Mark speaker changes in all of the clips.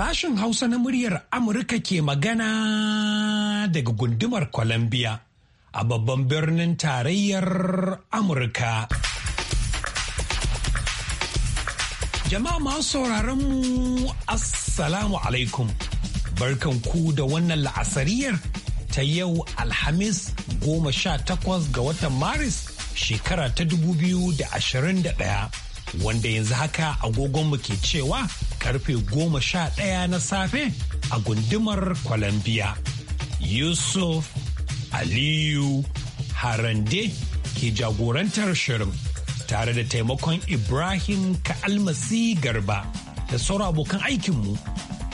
Speaker 1: sashen Hausa na muryar Amurka ke magana daga gundumar Columbia a babban birnin tarayyar Amurka. Jama'a masu sauraron mu Assalamu alaikum. Barkan ku da wannan la'asariyar ta yau Alhamis goma sha takwas ga watan Maris shekara ta dubu biyu da ashirin da ɗaya. wanda yanzu haka agogonmu ke cewa karfe goma sha ɗaya na safe a gundumar Colombia. Yusuf Aliyu Harande ke jagorantar shirin tare da taimakon Ibrahim Ka'almasi Garba da sauran abokan aikinmu.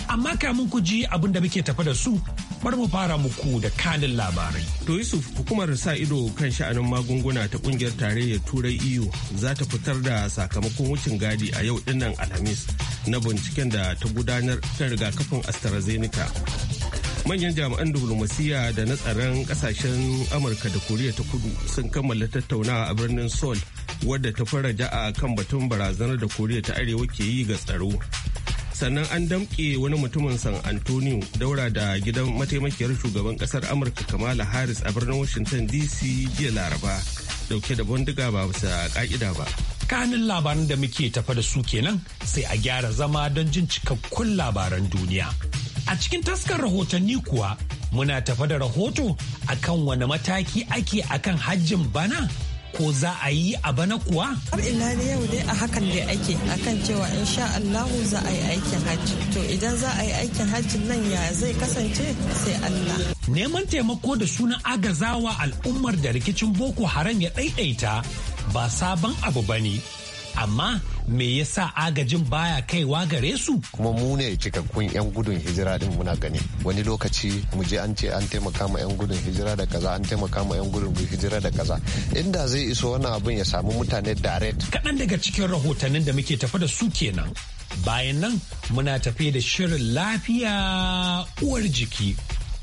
Speaker 1: Amma kamun ku ji abin da muke tafa da su Bari mu fara muku da kanin labarai.
Speaker 2: To Yusuf hukumar sa ido kan sha'anin magunguna ta kungiyar tarayyar Turai EU za ta fitar da sakamakon wucin gadi a yau dinnan Alhamis na binciken da ta gudanar kan rigakafin AstraZeneca. manyan jami'an diflomasiyya da na tsaron kasashen amurka da koriya ta kudu sun kammala tattaunawa a birnin seoul wadda ta fara ja'a kan batun barazanar da koriya ta arewa ke yi ga tsaro sannan an damƙe wani mutumin san antonio daura da gidan mataimakiyar shugaban ƙasar amurka kamala harris a birnin washington dc jiya laraba dauke da bandiga ba bisa ka'ida ba
Speaker 1: kanin labaran da muke tafa da su kenan sai a gyara zama don jin cikakkun labaran duniya a cikin taskar rahotanni kuwa muna tafa da rahoto akan wani mataki ake akan hajjin bana ko za a yi a bana kuwa?
Speaker 3: har ila da yau dai a hakan da ake akan cewa insha Allahu za a yi aikin hajji. To idan za a yi aikin hajji nan ya zai kasance sai Allah.
Speaker 1: Neman taimako da sunan agazawa al'ummar da rikicin Boko Haram ya ɗaiɗaita ba sabon abu ba ne. amma me yasa agajin baya kaiwa gare su
Speaker 4: kuma mu ne cikakkun yan gudun hijira din muna gani wani lokaci mu je an ce an taimaka ma yan gudun hijira da kaza an taimaka ma yan gudun hijira da kaza inda zai iso wani abin ya samu mutane direct
Speaker 1: kaɗan daga cikin rahotannin da muke tafa da su kenan bayan nan muna tafe da shirin lafiya uwar jiki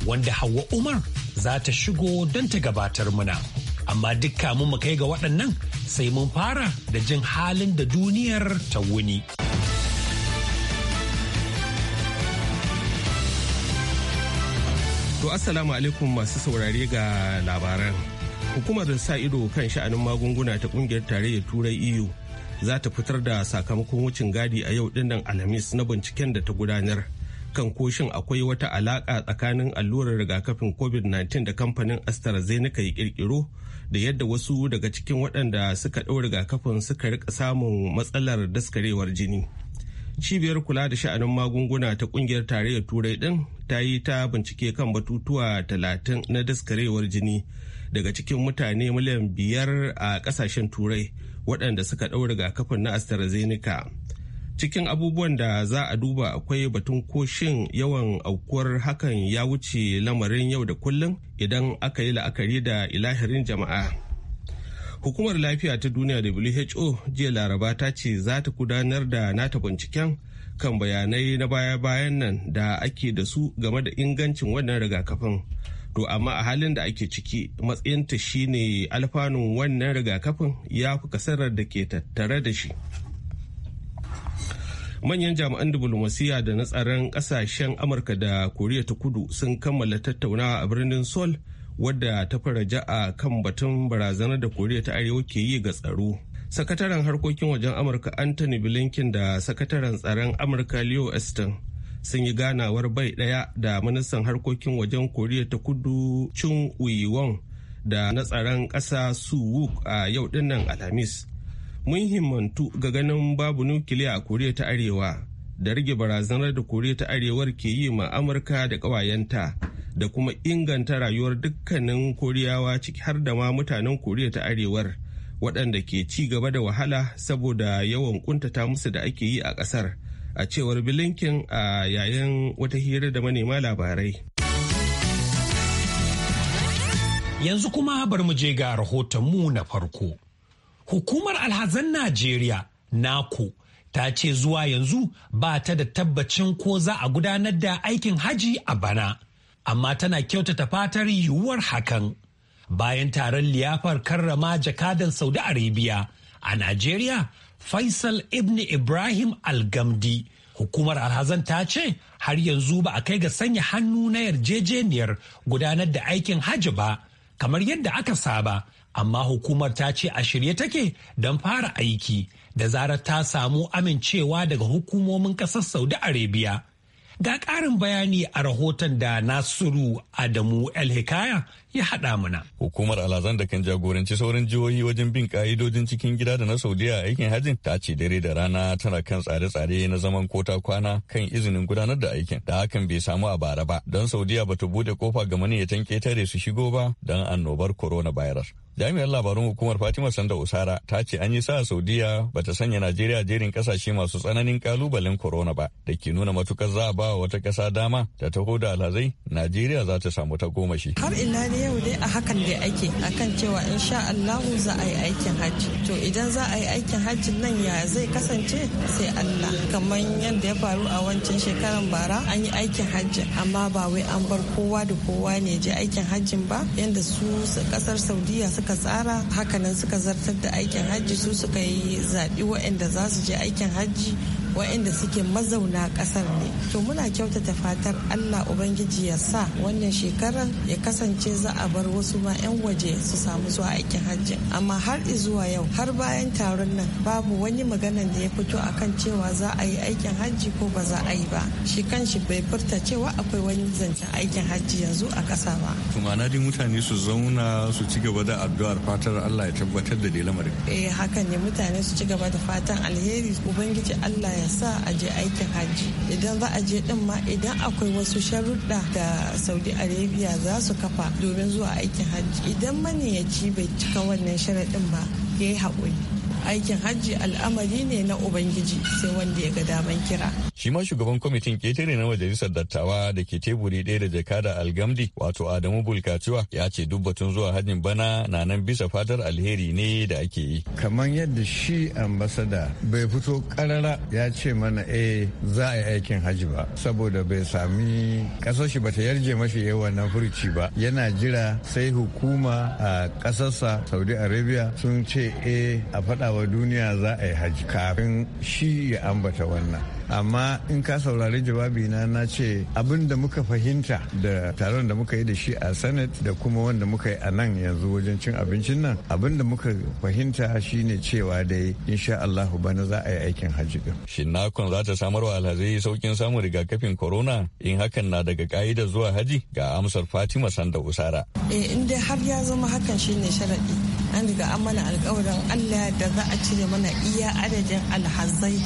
Speaker 1: wanda hawa umar za ta shigo don ta gabatar muna amma duk kamun mu kai ga waɗannan sai mun fara da jin halin da duniyar ta wuni.
Speaker 2: To assalamu alaikum masu saurare ga labaran. Hukumar sa ido kan sha'anin magunguna ta kungiyar tarayyar turai EU za ta fitar da sakamakon wucin gadi a yau dinnan Alhamis na binciken da ta gudanar. kan koshin akwai wata alaƙa tsakanin allurar rigakafin covid-19 da kamfanin astrazeneca ya kirkiro da yadda wasu daga cikin waɗanda suka ɗau rigakafin suka rika samun matsalar daskarewar jini. Cibiyar kula da sha'anin magunguna ta ƙungiyar tarayyar turai ɗin ta yi ta bincike kan batutuwa talatin na daskarewar jini daga cikin mutane miliyan biyar a ƙasashen turai waɗanda suka ɗau rigakafin na AstraZeneca. cikin abubuwan da za a duba akwai batun koshin yawan aukuwar hakan ya wuce lamarin yau da kullum idan aka yi la'akari da ilahirin jama'a hukumar lafiya ta duniya who jiya laraba ta ce za ta gudanar da nata binciken kan bayanai na baya-bayan nan da ake da su game da ingancin wannan rigakafin to amma a halin da ake ciki matsayinta shine alfanun wannan rigakafin ya fi kasarar da ke tattare da shi manyan jami'an diflomasiyya da na tsaron kasashen amurka da koriya ta kudu sun kammala tattaunawa a birnin sol wadda ta faraja a kan batun barazanar da koriya ta arewa ke yi ga tsaro sakataren harkokin wajen amurka anthony blinken da sakataren tsaron amurka leo Eston sun yi ganawar bai daya da ministan harkokin wajen koriya ta kudu chung da na tsaron kasa su wuk a yau dinnan alhamis mun himmantu ga ganin babu nukiliya a koriya ta arewa da rage barazanar da koriya ta arewar ke yi ma amurka da ƙawayenta da kuma inganta rayuwar dukkanin koriyawa ciki har da ma mutanen koriya ta arewar waɗanda ke ci gaba da wahala saboda yawan kuntata musu da ake yi a ƙasar a cewar bilinkin a yayin wata hira da manema labarai
Speaker 1: yanzu kuma bar mu je ga rahoton mu na farko Hukumar alhazan Najeriya NACO ta ce zuwa yanzu ba ta da tabbacin ko za a gudanar da aikin haji a bana, amma tana kyautata fatar yiwuwar hakan. Bayan taron liyafar karrama jakadan Saudi Arabia a Najeriya, Faisal Ibn Ibrahim Al-Gamdi. Hukumar alhazan ta ce har yanzu ba a kai ga sanya hannu na yarjejeniyar gudanar da aikin haji ba, kamar yadda aka saba. amma hukumar ta ce a shirye take don fara aiki da zarar ta samu amincewa daga hukumomin ƙasar saudi arabia ga ƙarin bayani a rahoton da nasiru adamu el hikaya ya haɗa mana. Hukumar alazan
Speaker 5: da kan jagoranci sauran jihohi wajen bin ka'idojin cikin gida da na Saudiya aikin hajjin ta ce dare da rana tana kan tsare-tsare na zaman kota kwana kan izinin gudanar da aikin da hakan bai samu a bara ba don Saudiya ta bude kofa ga maniyyatan ketare su shigo ba don annobar coronavirus. Jami'ar labarun hukumar Fatima Sanda Usara ta ce an yi sa Saudiya ba ta sanya Najeriya jerin kasashe masu tsananin kalubalen corona ba da ke nuna matukar za a ba wata kasa dama da taho da alhazai Najeriya za ta samu ta goma shi.
Speaker 3: Har ina da yau dai a hakan da ake akan cewa insha Allahu za a yi aikin hajji. To idan za a yi aikin hajji nan ya zai kasance sai Allah kamar yadda ya faru a wancan shekaran bara an yi aikin hajji amma ba wai an bar kowa da kowa ne je aikin hajjin ba yadda su kasar Saudiya suka tsara hakanan suka zartar da aikin hajji su suka yi zaɓi waɗanda za su je aikin hajji waɗanda suke mazauna ƙasar ne to muna kyautata fatar allah ubangiji ya sa wannan shekarar ya kasance za a bar wasu ma 'yan waje su samu zuwa aikin hajji amma har zuwa yau har bayan taron nan babu wani maganan da ya fito akan cewa za a yi aikin hajji ko ba za a yi ba shi kanshi bai furta cewa akwai wani zancen aikin hajji yanzu a ƙasa ba
Speaker 5: ma'ana dai mutane su zauna su ci gaba da addu'ar fatar allah ya tabbatar da lamarin
Speaker 3: eh haka ne mutane su ci gaba da fatan alheri ubangiji allah ya ya sa a je aikin hajji idan za a je din ma idan akwai wasu sharuɗa da saudi arabia za su kafa domin zuwa aikin hajji idan maniyaci bai cika wannan sharaɗin ba ya yi haƙuri aikin hajji al'amari ne na ubangiji sai wanda ya ga daman kira
Speaker 5: shi ma shugaban kwamitin ketare na majalisar dattawa da ke teburi ɗaya da jakada algamdi wato adamu bulkaciwa ya ce duk batun zuwa hajjin bana na nan bisa fatar alheri ne da ake yi kamar yadda shi ambasada bai fito karara ya ce mana e za a yi aikin hajji ba saboda bai sami kasar shi bata yarje mashi yawa na furuci ba yana jira sai hukuma a kasarsa saudi arabia sun ce e a faɗa wa duniya za a yi haji kafin shi ya ambata wannan amma in ka saurari jawabi na na ce abin da muka fahimta da taron da muka yi da shi a senate da kuma wanda muka yi a nan yanzu wajen cin abincin nan abin da muka fahimta shine cewa da insha Allahu bana za a yi aikin hajji din shin kun za ta samar wa alhazai saukin samun rigakafin corona in hakan na daga ka'ida zuwa haji ga amsar Fatima Sanda Usara
Speaker 3: eh in dai har ya zama hakan shine sharaɗi. an riga an mana alkawarin allah da za a cire mana iya adadin alhazai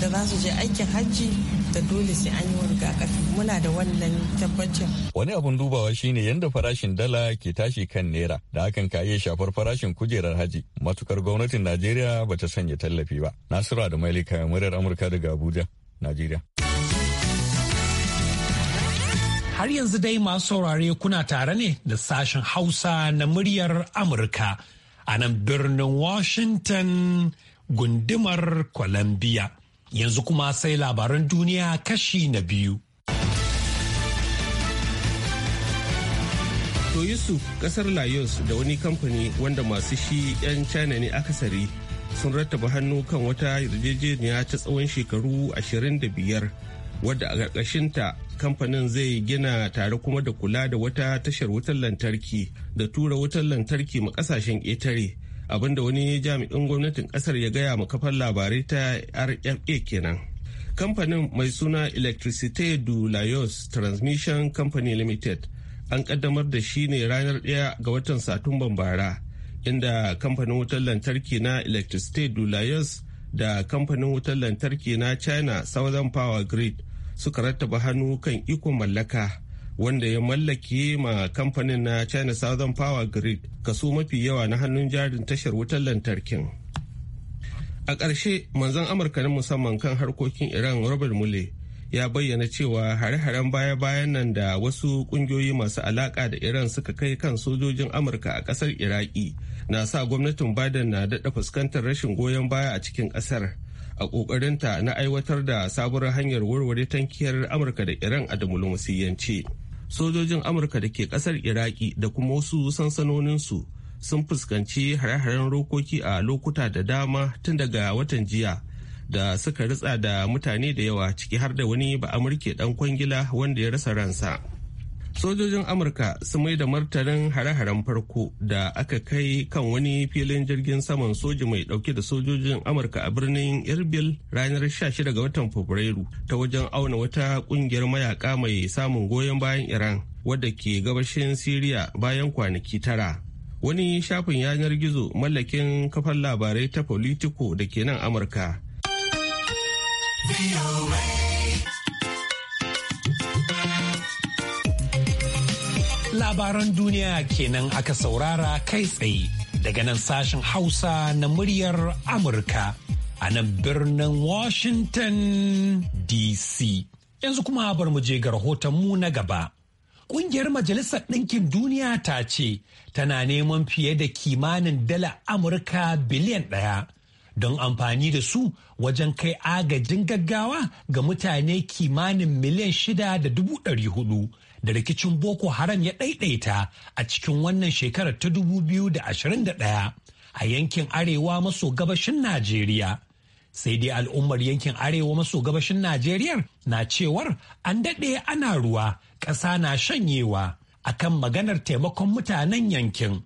Speaker 3: da za su je aikin hajji da dole sai an yi rigakafi muna da wannan tabbacin.
Speaker 5: Wani abun dubawa shine yadda farashin dala ke tashi kan naira da hakan ka iya shafar farashin kujerar haji matukar gwamnatin Najeriya ba ta sanya tallafi ba. Nasiru da kayan muryar Amurka daga Abuja, Najeriya.
Speaker 1: Har yanzu dai masu saurare kuna tare ne da sashen Hausa na muryar Amurka a nan birnin Washington gundumar Columbia. Yanzu kuma sai labaran duniya kashi na biyu. To Yusuf kasar Laos da wani kamfani wanda masu
Speaker 2: shi 'yan China ne akasari sun rattaba hannu kan wata yarjejeniya ta tsawon shekaru 25 wadda a ƙarƙashinta kamfanin zai gina tare kuma da kula da wata tashar wutar lantarki da tura wutar lantarki ma ƙasashen ƙetare abinda wani jami'in gwamnatin ƙasar ya gaya ma kafar labarai ta rfa kenan kamfanin mai suna electricité du lagos transmission company limited an ƙaddamar da shi ne ranar ɗaya ga watan satumban bara inda kamfanin wutar lantarki na electricité du da kamfanin wutar lantarki na china southern power grid suka rattaba hannu kan ikon mallaka wanda ya mallake ma kamfanin na china southern power grid kaso mafi yawa na hannun jarin tashar wutar lantarkin a ƙarshe manzon amurka na musamman kan harkokin iran robert mule ya bayyana cewa hare-haren baya-bayan nan da wasu ƙungiyoyi masu alaƙa da iran suka kai kan sojojin amurka a ƙasar iraki na sa gwamnatin biden na daɗa fuskantar rashin goyon baya a cikin ƙasar a ƙoƙarinta na aiwatar da sabuwar hanyar warware tankiyar amurka da iran a diflomasiyance sojojin amurka da ke ƙasar iraki da kuma wasu sansanoninsu sun fuskanci hare-haren rokoki a lokuta da dama tun daga watan jiya da suka ritsa da mutane da yawa ciki har da wani ba amurke dan kwangila wanda ya rasa ransa. sojojin amurka su mai da martanin hare-haren farko da aka kai kan wani filin jirgin saman soji mai dauke da sojojin amurka a birnin irbil ranar 16 ga watan fabrairu ta wajen auna wata kungiyar mayaka mai samun goyon bayan iran wadda ke gabashin siriya bayan kwanaki tara wani shafin yanar gizo mallakin kafan labarai ta politico da ke nan amurka
Speaker 1: labaran duniya kenan aka saurara kai tsaye daga nan sashen hausa na muryar amurka a nan birnin washington dc yanzu kuma bar mu je ga mu na gaba Ƙungiyar Majalisar Ɗinkin Duniya ta ce tana neman fiye da kimanin dala Amurka biliyan ɗaya don amfani da su wajen kai agajin gaggawa ga mutane kimanin miliyan shida da dubu ɗari hudu da rikicin Boko Haram ya ɗaiɗaita a cikin wannan shekarar ta dubu biyu da ashirin da ɗaya a yankin arewa maso gabashin Najeriya. Sai dai al'ummar yankin arewa maso gabashin Najeriya na cewar an daɗe ana ruwa ƙasa na shanyewa akan maganar taimakon mutanen yankin.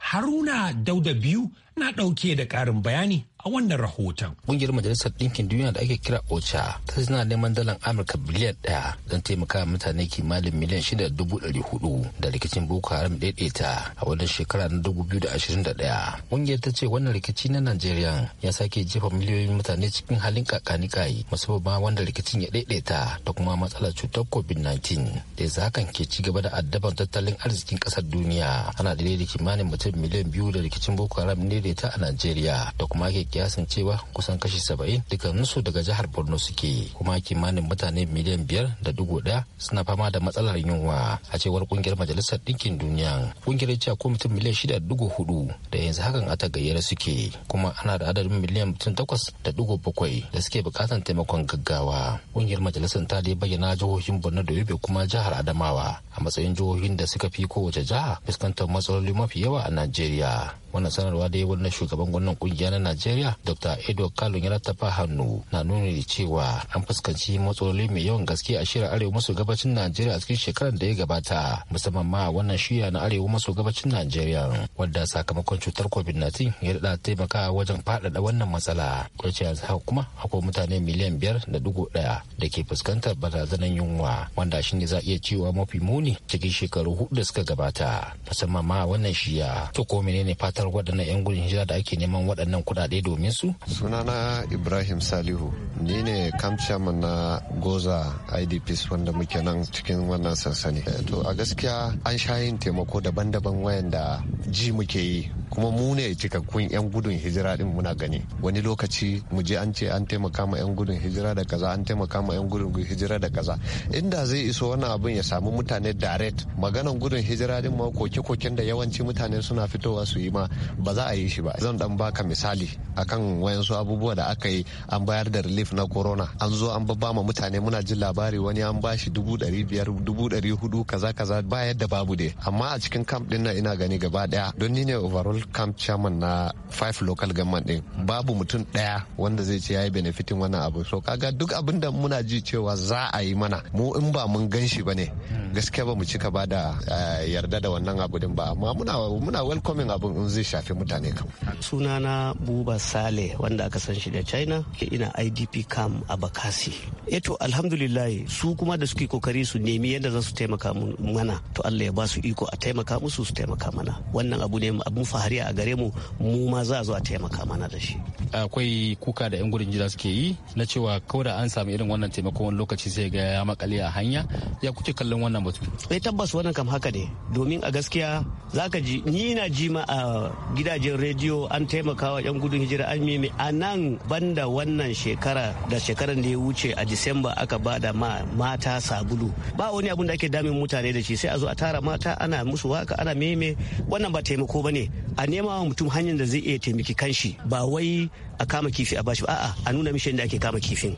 Speaker 1: Haruna Dauda biyu na ɗauke da ƙarin bayani a wannan rahoton. Ƙungiyar Majalisar Ɗinkin Duniya da ake
Speaker 6: kira OCHA ta tana neman dalar Amurka biliyan ɗaya don taimaka mutane kimanin miliyan shida da dubu ɗari hudu da rikicin Boko Haram ɗaiɗaita a wannan shekara na dubu biyu da ashirin da ɗaya. Ƙungiyar ta ce wannan rikici na Najeriya ya sake jefa miliyoyin mutane cikin halin kakanikayi musamman wanda rikicin ya ɗaiɗaita da kuma matsalar cutar COVID-19 da yanzu hakan ke ci gaba da addaban tattalin arzikin ƙasar duniya. Ana da kimanin mutum miliyan biyu da rikicin Boko Haram ne da ta a Najeriya da kuma ake kiyasin cewa kusan kashi saba'in dukkaninsu daga jihar Borno suke kuma kimanin mutane miliyan biyar da dubu ɗaya suna fama da matsalar yunwa a cewar kungiyar Majalisar Ɗinkin Duniya. Kungiyar ce ko mutum miliyan shida da dubu hudu da yanzu hakan a tagayyara suke kuma ana da adadin miliyan mutum takwas da dubu bakwai da suke bukatan taimakon gaggawa. Kungiyar Majalisar ta dai bayyana jihohin Borno da Yobe kuma jihar Adamawa a matsayin jihohin da suka fi kowace jiha fuskantar matsaloli mafi yawa a Najeriya. wannan sanarwa da ya wani shugaban gwamnan kungiya na najeriya dr edo kalun ya rattafa hannu na nuni da cewa an fuskanci matsaloli mai yawan gaske a shirin arewa maso gabacin najeriya a cikin shekarar da ya gabata musamman ma wannan shiya na arewa maso gabacin najeriya wadda sakamakon cutar covid-19 ya daɗa taimakawa wajen faɗaɗa wannan matsala kwace yanzu haka kuma akwai mutane miliyan biyar da dugu ɗaya da ke fuskantar barazanar yunwa wanda shi ne za a iya cewa mafi muni cikin shekaru hudu da suka gabata musamman ma wannan shiya to ko menene fata buƙatar waɗannan 'yan gudun hijira da ake neman waɗannan kuɗaɗe domin su?
Speaker 4: Sunana Ibrahim Salihu, ni ne chairman na Goza IDPs wanda muke nan cikin wannan sansani. Eh, to a gaskiya an sha yin taimako daban-daban wayanda ji muke yi kuma mu ne cikakkun 'yan gudun hijira din muna gani wani lokaci mu je an ce an taimaka ma 'yan gudun hijira da kaza an taimaka ma 'yan gudun hijira da kaza inda zai iso wannan abin ya samu mutane direct maganan gudun hijira din ma koke-koken da yawanci mutane suna fitowa su yi ma ba za a yi shi ba zan dan baka misali akan wayansu abubuwa da aka yi an bayar da relief na corona an zo an ba ma mutane muna jin labari wani an ba shi dubu dari biyar dubu dari hudu kaza kaza ba yadda babu dai amma a cikin camp din nan ina gani gaba daya don ni ne overall camp chairman na five local government din babu mutum daya wanda zai ce yayi benefitin wannan abu so kaga duk abin da muna ji cewa za a yi mana mu in ba mun gan shi bane gaskiya ba mu cika ba da eh, yarda da wannan abu din ba amma muna muna welcoming abin in zai zai shafi mutane kan.
Speaker 7: sunana buba sale wanda aka san shi da china ina idp cam a bakasi eto eh alhamdulillah su kuma da suke kokari su nemi yadda za su taimaka mana to allah ya ba su iko a taimaka musu su taimaka mana wannan abu ne abun fahariya a gare mu mu
Speaker 6: ma za a zo a taimaka mana da shi akwai kuka da yan gudun jira suke yi na cewa ko da an samu irin wannan taimako wani lokaci sai ga ya makale a hanya ya kuke kallon wannan batu eh
Speaker 7: tabbas wannan kam haka ne domin a gaskiya za ka ji ni na ji ma a gidajen rediyo an taimakawa 'yan gudun hijira an mimi a nan banda wannan shekara da shekarar da ya wuce a disamba aka ba da ma mata sabulu ba wani abun da ake damin mutane da shi sai a zo a tara mata ana musu waka ana meme wannan ba taimako ba ne a nema wa mutum hanyar da zai iya taimaki kanshi ba wai a kama kifi a bashi a'a a nuna mishi yadda ake kama kifin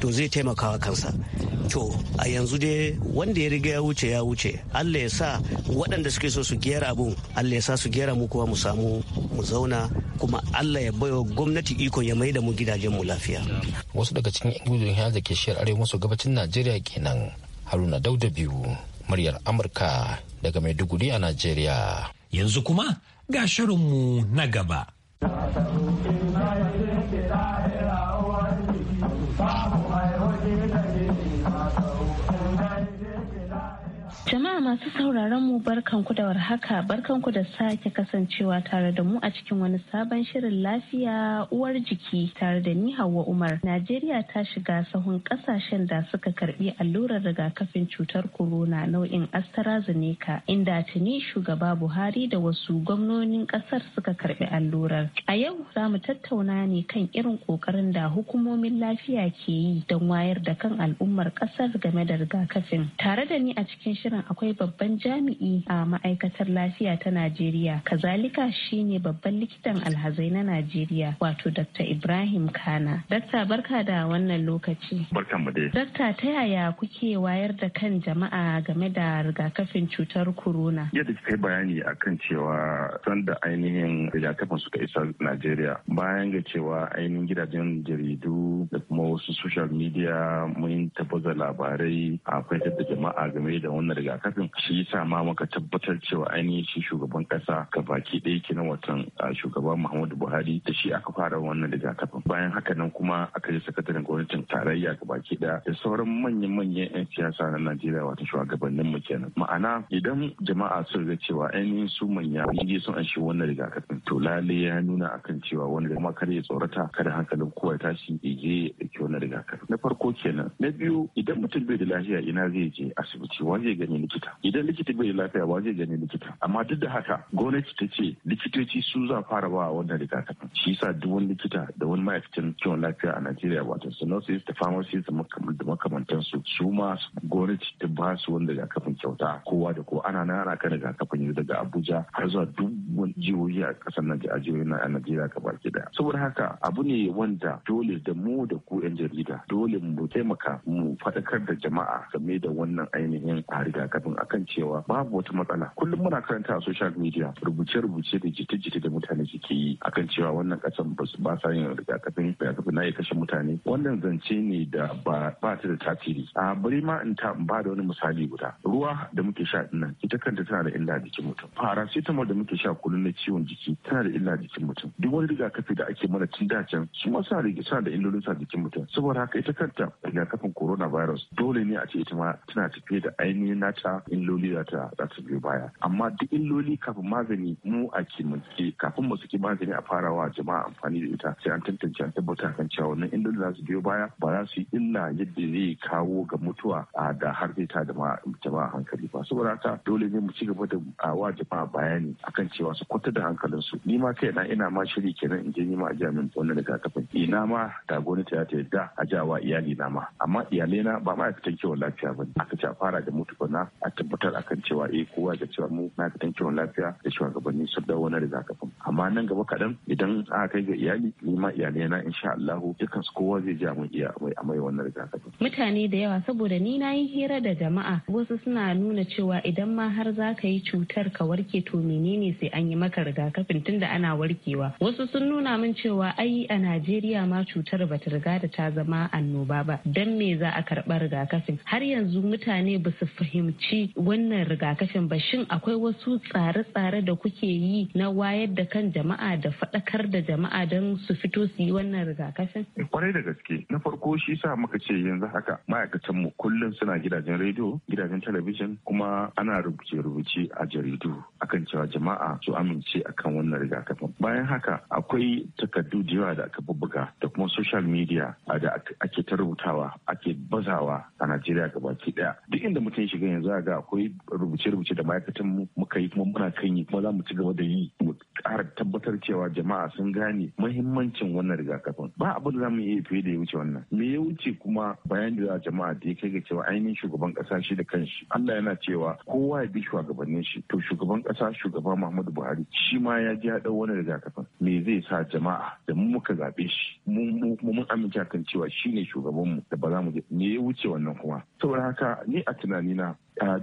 Speaker 7: to zai taimakawa kansa to a yanzu dai wanda ya riga ya wuce ya wuce allah ya sa waɗanda suke so su gera abun allah ya sa su gyara mu kuma mu samu mu zauna kuma allah ya baiwa gwamnati ikon ya mai da mu gidajen mu lafiya
Speaker 6: wasu daga cikin yan gudun hijira da ke shiyar arewa maso gabacin najeriya kenan haruna dauda biyu
Speaker 1: muryar amurka
Speaker 6: daga maiduguri a najeriya
Speaker 1: yanzu kuma ga shirinmu na
Speaker 6: gaba
Speaker 8: masu sauraron mu barkanku da warhaka barkanku da sake kasancewa tare da mu a cikin wani sabon shirin lafiya uwar jiki tare da ni Hauwa Umar. Najeriya ta shiga sahun kasashen da suka karbi allurar rigakafin cutar corona nau'in AstraZeneca inda tuni shugaba Buhari da wasu gwamnonin kasar suka karbi allurar. A yau za mu tattauna ne kan irin kokarin da hukumomin lafiya ke yi don wayar da kan al'ummar kasar game da rigakafin. Tare da ni a cikin shirin akwai wani babban jami'i a ma'aikatar lafiya ta Najeriya. Kazalika shine babban likitan alhazai na Najeriya wato Dr. Ibrahim Kana. Dakta barka da wannan lokaci. Dr. ta yaya kuke wayar da kan jama'a game da rigakafin cutar corona?
Speaker 9: Yadda kika yi bayani akan cewa sanda ainihin rigakafin suka isa Najeriya bayan ga cewa ainihin gidajen jaridu da kuma wasu social media mun tabbata labarai a fahimtar da jama'a game da wannan rigakafin din shi yasa ma muka tabbatar cewa ainihin shi shugaban kasa ka baki ɗaya kenan watan shugaban Muhammadu Buhari da shi aka fara wannan rigakafin bayan haka nan kuma aka yi sakataren gwamnatin tarayya ga baki ɗaya da sauran manyan-manyan 'yan siyasa na Najeriya wato shugabannin mu kenan ma'ana idan jama'a sun ga cewa ainihin su manya sun sun an shi wannan rigakafin to lale ya nuna akan cewa wani da kuma kada ya tsorata kada hankalin kowa ya tashi ya je ya ɗauki wannan rigakafin na farko kenan na biyu idan mutum bai da lafiya ina zai je asibiti wani zai gani likita idan likita bai lafiya ba zai gani likita amma duk da haka gwamnati ta ce likitoci su za fara ba wannan rigakafin shi yasa duk wani likita da wani ma'aikacin kiwon lafiya a Najeriya wato nurses da famasi da makamantan su su ma gwamnati ta ba su wani rigakafin kyauta kowa da kowa ana nan ana kan rigakafin daga Abuja har zuwa duk wani jihohi a kasar Najeriya a Najeriya gaba ki daya saboda haka abu ne wanda dole da mu da ku 'yan jarida dole mu taimaka mu faɗakar da jama'a game da wannan ainihin a rigakafin akan cewa babu wata matsala kullum muna karanta a social media rubuce-rubuce da jita-jita da mutane suke yi akan cewa wannan kasan ba sa yin rigakafin rigakafin na ya kashe mutane wannan zance ne da ba ta da tasiri a bari ma in ta ba da wani misali guda ruwa da muke sha nan ita kanta tana da illa jikin mutum paracetamol da muke sha kullum na ciwon jiki tana da illa jikin mutum duk wani rigakafi da ake mana tun da can su ma sa da illolin sa jikin mutum saboda haka ita kanta rigakafin corona virus dole ne a ce ita ma tana tafiye da ainihin nata illoli da ta za su biyo baya amma duk illoli kafin magani mu a kimanke kafin mu saki magani a farawa jama'a amfani da ita sai an tantance an tabbata kan cewa wannan illoli za su biyo baya ba za su yi illa yadda zai kawo ga mutuwa a da har zai ta da jama'a hankali ba saboda haka dole ne mu ci gaba da wa jama'a bayani akan cewa su kwata da su ni ma kai na ina ma shiri kenan in je ni ma a jami'in wannan kafin ina ma da gwamnati ta yadda a jawa iyali na ma amma iyalai na ba ma fitan kiwon lafiya ba aka ce a fara da mutu na a tabbatar akan cewa eh kowa ga cewa mu kiwon lafiya da shugabanni su dawo na rigakafin amma nan gaba kaɗan idan aka kai ga iyali ni ma iyalai na insha Allahu dukkan su kowa zai ja mun iya mai amai wannan rigakafin
Speaker 8: mutane da yawa saboda ni na yi hira da jama'a wasu suna nuna cewa idan ma har za ka yi cutar ka warke to menene sai an yi maka rigakafin tunda ana warkewa wasu sun nuna min cewa ai a Najeriya ma cutar bata riga da ta zama annoba ba dan me za a karɓa rigakafin har yanzu mutane ba su fahimci wannan rigakafin ba shin akwai wasu tsare-tsare da kuke yi na wayar da kan jama'a da faɗakar da jama'a don su fito su yi wannan rigakafin?
Speaker 9: Eh, kwarai da gaske na farko shi sa muka ce yanzu haka ma'aikatan mu kullum suna gidajen rediyo gidajen talabijin kuma ana rubuce-rubuce a jaridu akan cewa jama'a su amince akan wannan rigakafin. Bayan haka akwai takardu da yawa da aka bubbuga da kuma social media da ake ta rubutawa ake bazawa a Najeriya gabaki daya. Duk inda mutum shiga yanzu a da akwai rubuce-rubuce da ma'aikatan muka yi kuma muna kan yi kuma za mu ci gaba da yi mu ƙara tabbatar cewa jama'a sun gane muhimmancin wannan rigakafin ba abin da za mu iya fiye da ya wuce wannan me ya wuce kuma bayan da jama'a da ya kai ga cewa ainihin shugaban ƙasa shi da kanshi Allah yana cewa kowa ya bi shugabannin shi to shugaban ƙasa shugaba Muhammadu Buhari shi ma ya ji haɗa wannan rigakafin me zai sa jama'a da mu muka zaɓe shi mu mun amince kan cewa shi ne shugabanmu da ba za mu je me ya wuce wannan kuma saboda haka ni a tunanina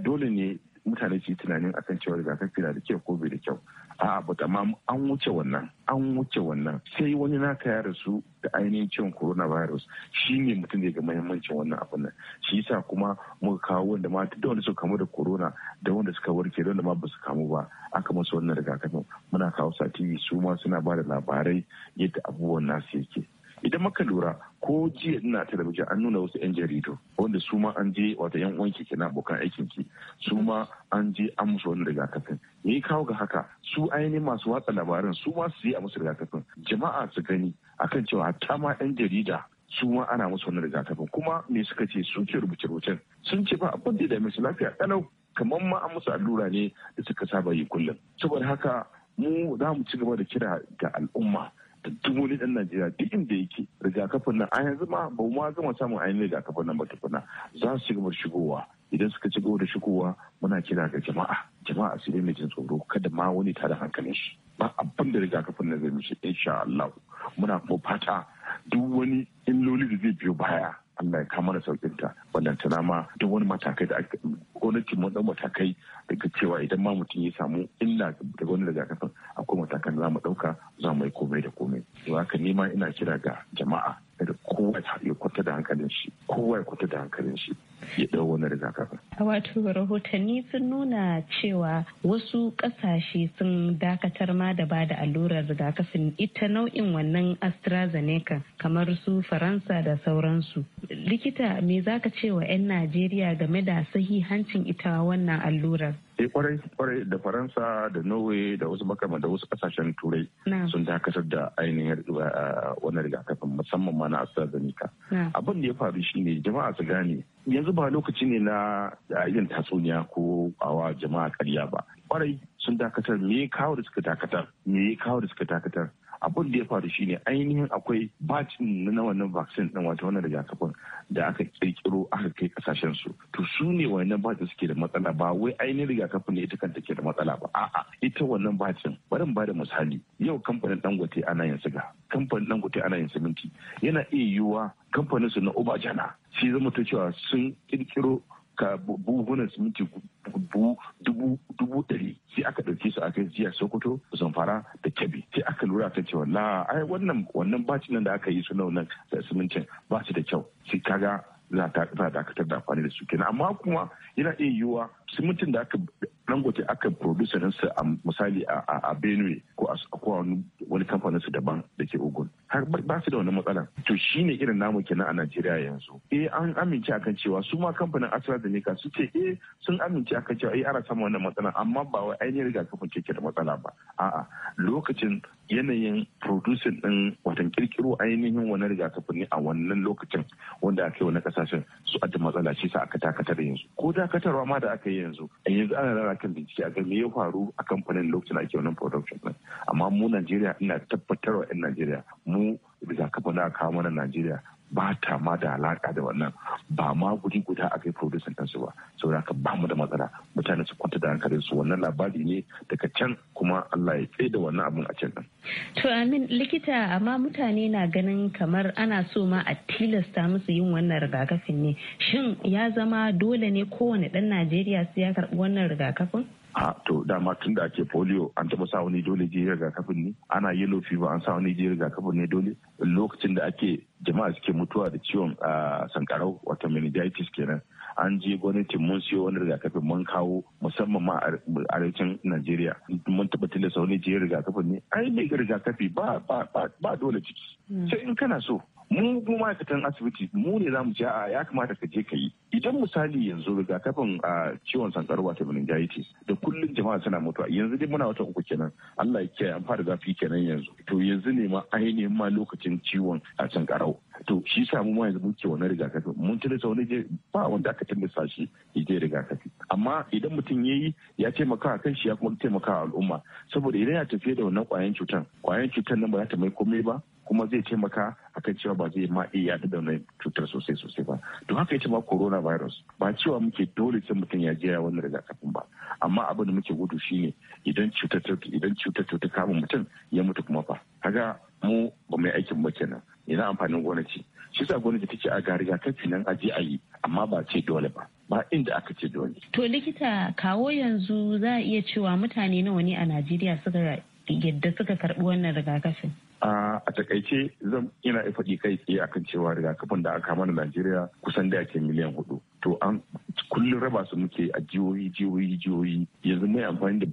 Speaker 9: dole ne mutane su yi tunanin akan cewa rigakafi na da kyau ko bai da kyau a'a but amma an wuce wannan an wuce wannan sai wani naka ya rasu da ainihin ciwon coronavirus shi ne mutum da ga mahimmancin wannan abin nan shi yasa kuma muka kawo wanda ma duk wanda suka kamu da corona da wanda suka warke da wanda ma ba su kamu ba aka masu wannan rigakafin muna kawo sa tv su ma suna ba da labarai yadda abubuwan nasu yake idan maka lura ko jiya ina talabijin an nuna wasu 'yan jaridu wanda su ma an je wata 'yan uwanki na bukan aikin ki su ma an je an musu wani rigakafin me kawo ga haka su ainihin masu watsa labarin. su ma su yi a musu rigakafin jama'a su gani akan cewa hatta ma 'yan jarida su ma ana musu wani rigakafin kuma me suka ce su ke rubuce-rubucen sun ce ba abin da ya su lafiya Ɗalau kamar ma an musu allura ne da suka saba yi kullum saboda haka mu za mu ci gaba da kira ga al'umma duk wani dan Najeriya duk inda yake rigakafin nan a yanzu ma ba ma zama samun ainihin rigakafin nan ba tukuna za su cigaba shigowa idan suka ci da shigowa muna kira ga jama'a jama'a su daina jin tsoro kada ma wani tada hankalin shi ba abin da rigakafin nan zai mishi insha Allah muna kuma fata duk wani illoli da zai biyo baya Allah ya kama da saukin ta tana ma duk wani matakai da ake gwamnati mun dau matakai daga cewa idan ma mutum ya samu illa da wani rigakafin akwai matakan da za mu ɗauka za mu yi komai da komai to haka ni ma ina kira ga jama'a da kowa ya kwata da hankalin shi kowa ya kwata da hankalin shi ya ɗau wani a
Speaker 8: Wato rahotanni sun nuna cewa wasu ƙasashe sun dakatar ma da ba da allurar rigakafin ita nau'in wannan AstraZeneca kamar su Faransa da sauransu. Likita me za ka ce wa 'yan Najeriya game da sahihancin ita wannan allurar?
Speaker 9: E kwarai kwarai da faransa da norway da wasu makama da wasu kasashen turai sun dakatar da ainihin eh, wannan rigakafin musamman ma na astrazeneca abin da ya faru shine jama'a su gane yanzu ba lokaci ne na yin tatsuniya ko awa jama'a karya ba kwarai sun dakatar me kawo da suka dakatar me kawo da suka dakatar abin da ya faru shine ainihin akwai bacin na wannan vaccine din wato wannan rigakafin da aka ƙirƙiro aka kai kasashen su to su ne wannan bacin suke da matsala ba wai ainihin rigakafin ne ita kanta ke da matsala ba a'a ita wannan bacin bari mu bada misali yau kamfanin dangote ana yin siga kamfanin dangote ana yin siminti yana iya yiwuwa kamfanin su na obajana shi zama ta cewa sun kirkiro ka buhunan siminti dubu ɗari sai aka ɗauke su aka jiya sokoto zamfara da kebbi sai aka lura ta cewa la ai wannan wannan bacin nan da aka yi su nan simintin ba su da kyau sai kaga za ta dakatar da amfani da su kenan amma kuma yana iya yiwuwa simintin da aka dangote aka producer a misali a benue ko a wani kamfanin su daban da ke ogun har ba su da wani matsala to ne irin namu kenan a Najeriya yanzu eh an amince akan cewa su ma kamfanin AstraZeneca su ce eh sun amince akan cewa eh ana samun wannan matsala amma ba wai ainihin rigakafin ke da matsala ba a'a lokacin yanayin producing din watan kirkiro ainihin wani rigakafin ne a wannan lokacin wanda aka yi wani kasashen su adda matsala shi sa aka dakatar yanzu ko dakatarwa ma da aka yi yanzu a yanzu ana rana kan bincike a ya faru a kamfanin lokacin ake wannan production din amma mu Najeriya ina tabbatarwa 'yan Najeriya mu mu rigakafin da aka kawo mana Najeriya ba ta ma da alaka da wannan ba ma guri guda a kai producing ɗinsu ba sau da ba mu da matsala mutane su kwanta da hankalin su wannan labari ne daga can kuma Allah ya tsaye da wannan abin a can ɗin.
Speaker 8: To amin likita amma mutane na ganin kamar ana so ma a tilasta musu yin wannan rigakafin ne shin ya zama dole ne kowane ɗan Najeriya su ya karɓi wannan rigakafin?
Speaker 9: a to dama tun da ake polio an taba sa wani dole je rigakafin ne ana yellow fever an sa wani je rigakafin ne dole lokacin da ake jama'a suke mutuwa da ciwon a sankarau wato meningitis kenan an je gwamnatin mun siyo wani rigakafin mun kawo musamman ma arewacin Najeriya mun taba tilasta wani je rigakafin ne ai mai rigakafi ba ba ba dole ciki hmm. sai in kana so mu mu ma'aikatan asibiti mu ne za mu ce a ya kamata ka je ka yi idan misali yanzu rigakafin a ciwon sankara wato meningitis da kullum jama'a suna mutuwa yanzu dai muna wata uku kenan Allah ya kiyaye an fara zafi kenan yanzu to yanzu ne ma ainihin ma lokacin ciwon a sankarau to shi sa mu ma yanzu muke wannan rigakafi mun tilasta wani je ba wanda aka tilasta shi ya je rigakafi amma idan mutum ya yi ya taimaka kan shi ya kuma taimaka al'umma saboda idan ya tafiye da wannan kwayan cutan kwayan cutan nan ba za ta mai komai ba kuma zai taimaka akan cewa ba zai ma iya da cutar sosai sosai ba to haka ya ce ma coronavirus ba cewa muke dole sai mutum ya jira wannan rigakafin ba amma abin da muke gudu shine idan cutar idan cutar ta kama mutum ya mutu kuma fa kaga mu ba mai aikin ba kenan ina amfanin gwamnati shi sa gwamnati ta ce a ga rigakafi nan a je a yi amma ba ce dole ba ba inda aka ce dole.
Speaker 8: To likita kawo yanzu za a iya cewa mutane nawa ne a Najeriya suka yadda suka karbi wannan rigakafin?
Speaker 9: a takaice zan ina ya faɗi kai tsaye akan cewa rigakafin da aka mana najeriya kusan da ke miliyan hudu to an kullum raba su muke a jihohi jihohi jihohi yanzu mai amfani da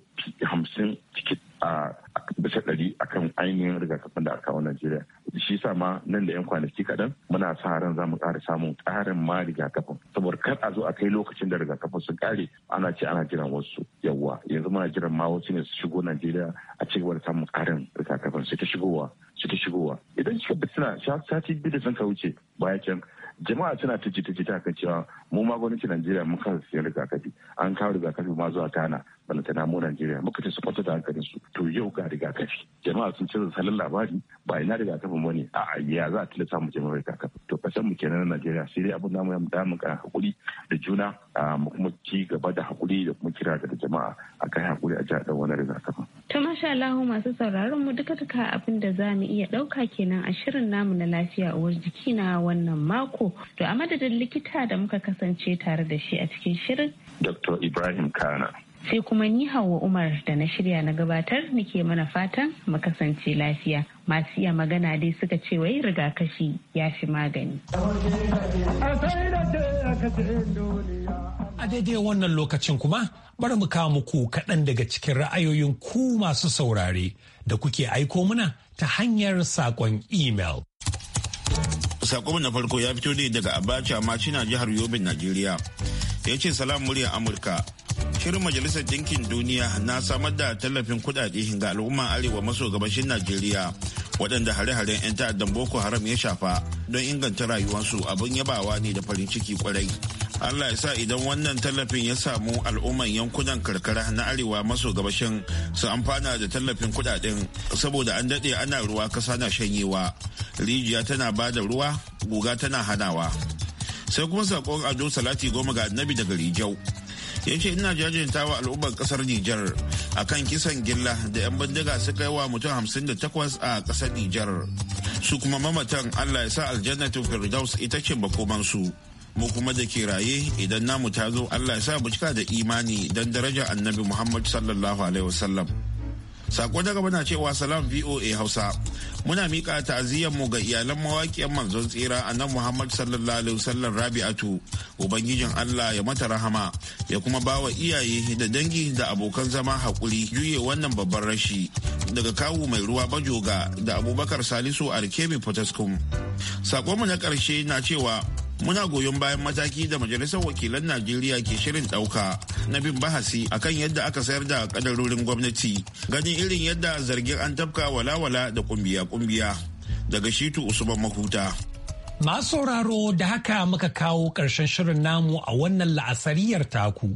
Speaker 9: hamsin cikin a bisa ɗari akan ainihin rigakafin da aka kawo najeriya shi sa ma nan da 'yan kwanaki kaɗan muna sa ran za mu ƙara samun ƙarin ma rigakafin saboda kar a zo a kai lokacin da rigakafin su ƙare ana ce ana jiran wasu yawwa yanzu muna jiran ma wasu ne su shigo najeriya a ci gaba da samun ƙarin rigakafin su ta shigowa su ta shigowa idan kika bi suna sati biyu da sun ka wuce baya can jama'a suna ta jita jita kan cewa mu ma gwamnatin najeriya mun kasa siyan rigakafi an kawo rigakafi ma zuwa tana balata namu Najeriya muka ce su da hankalin su to yau ga rigakafi jama'a sun cire salon labari ba ina rigakafin bane a ya za a tilasta mu jama'a rigakafi to kasan mu kenan na Najeriya sai dai abin da mu da mu ka hakuri da juna mu kuma ci gaba da hakuri da kuma kira da jama'a a kai hakuri a ji wani rigakafi
Speaker 8: to masha Allah masu sauraron mu duka duka abin da za mu iya dauka kenan a shirin namu na lafiya uwar jiki na wannan mako to a madadin likita da muka kasance tare da shi a cikin shirin
Speaker 9: Dr. Ibrahim Kana.
Speaker 8: sai kuma ni hawa umar da na shirya na gabatar nike mana fatan mu kasance lafiya masu iya magana dai suka ce wai rigakashi ya fi magani
Speaker 1: a daidai wannan lokacin kuma bari mu kawo muku kaɗan daga cikin ra'ayoyin ku masu saurare da kuke aiko muna ta hanyar saƙon email
Speaker 10: sakon na farko ya fito ne daga abacha macina jihar yobin najeriya ya ce salam murya amurka shirin majalisar dinkin duniya na samar da tallafin kudade ga al'umma arewa maso gabashin najeriya waɗanda hare-haren 'yan ta'addan boko haram ya shafa don inganta rayuwarsu abin yabawa ne da farin ciki kwarai allah ya sa idan wannan tallafin ya samu al'umman yankunan karkara na arewa maso gabashin su amfana da tallafin kudaden saboda an daɗe ana ruwa kasa na shanyewa rijiya tana ba da ruwa guga tana hanawa sai kuma saƙon ado salati goma ga annabi daga rijau ya ce ina jajinta wa al'ummar kasar Nijar akan kisan gilla da 'yan bindiga suka yi wa mutum 58 a kasar Nijar. Su kuma mamatan Allah ya sa aljannatin Firdaus ita ce makomansu. Mu kuma da ke raye idan namu ta zo Allah ya sa mu cika da imani don daraja annabi Muhammad sallallahu alaihi wasallam. sako na gaba na cewa salam voa hausa muna mika mu ga iyalan mawaƙiyar manzon tsira nan muhammad sallallahu alaihi wasallam rabi'atu ubangijin allah ya mata rahama ya kuma bawa iyaye da dangi da abokan zama haƙuri juye wannan babban rashi daga kawu mai ruwa bajoga da abubakar salisu alkemi potaskum sakonmu na ƙarshe na cewa muna goyon bayan mataki da majalisar wakilan najeriya ke shirin ɗauka na bin bahasi akan yadda aka sayar da kadarorin gwamnati ganin irin yadda zargin an tafka walawala da kumbiya-kumbiya daga shitu usman mahuta
Speaker 1: masu sauraro da haka muka kawo ƙarshen shirin namu a wannan la'asariyar taku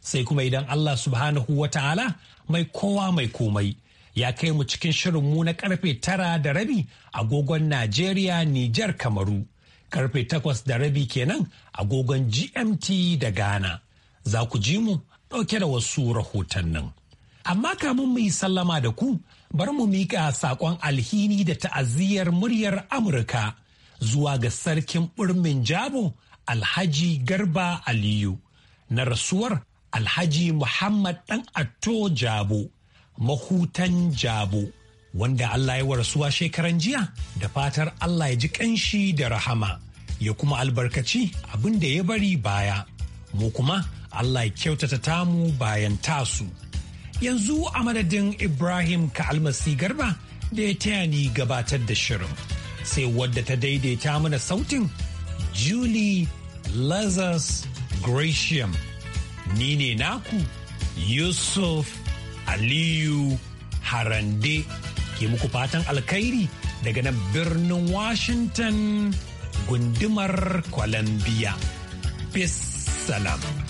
Speaker 1: sai kuma idan allah subhanahu wa ta'ala mai kowa mai komai ya kai mu cikin shirin mu na karfe tara da rabi agogon najeriya nijar kamaru karfe takwas da rabi kenan agogon GMT da Ghana. Za ku ji mu ɗauke da wasu rahotannin. Amma kamun mu yi sallama da ku, bar mu miƙa saƙon alhini da ta'aziyyar muryar Amurka zuwa ga sarkin ɓurmin jabo Alhaji Garba Aliyu na rasuwar Alhaji Muhammad ɗan Atto Jabo, mahutan Jabo. wanda Allah ya warasuwa shekaran jiya da fatar Allah ya ji kanshi da rahama ya kuma albarkaci abin da ya bari baya mu kuma Allah ya kyautata tamu bayan tasu yanzu a madadin Ibrahim ka almasi garba da ya taya ni gabatar da shirin sai wadda ta daidaita mana sautin Julie Lazarus Gratiam ni ne naku Yusuf Aliyu Harande. ke muku fatan alkhairi daga nan birnin Washington gundumar Columbia. Peace salam.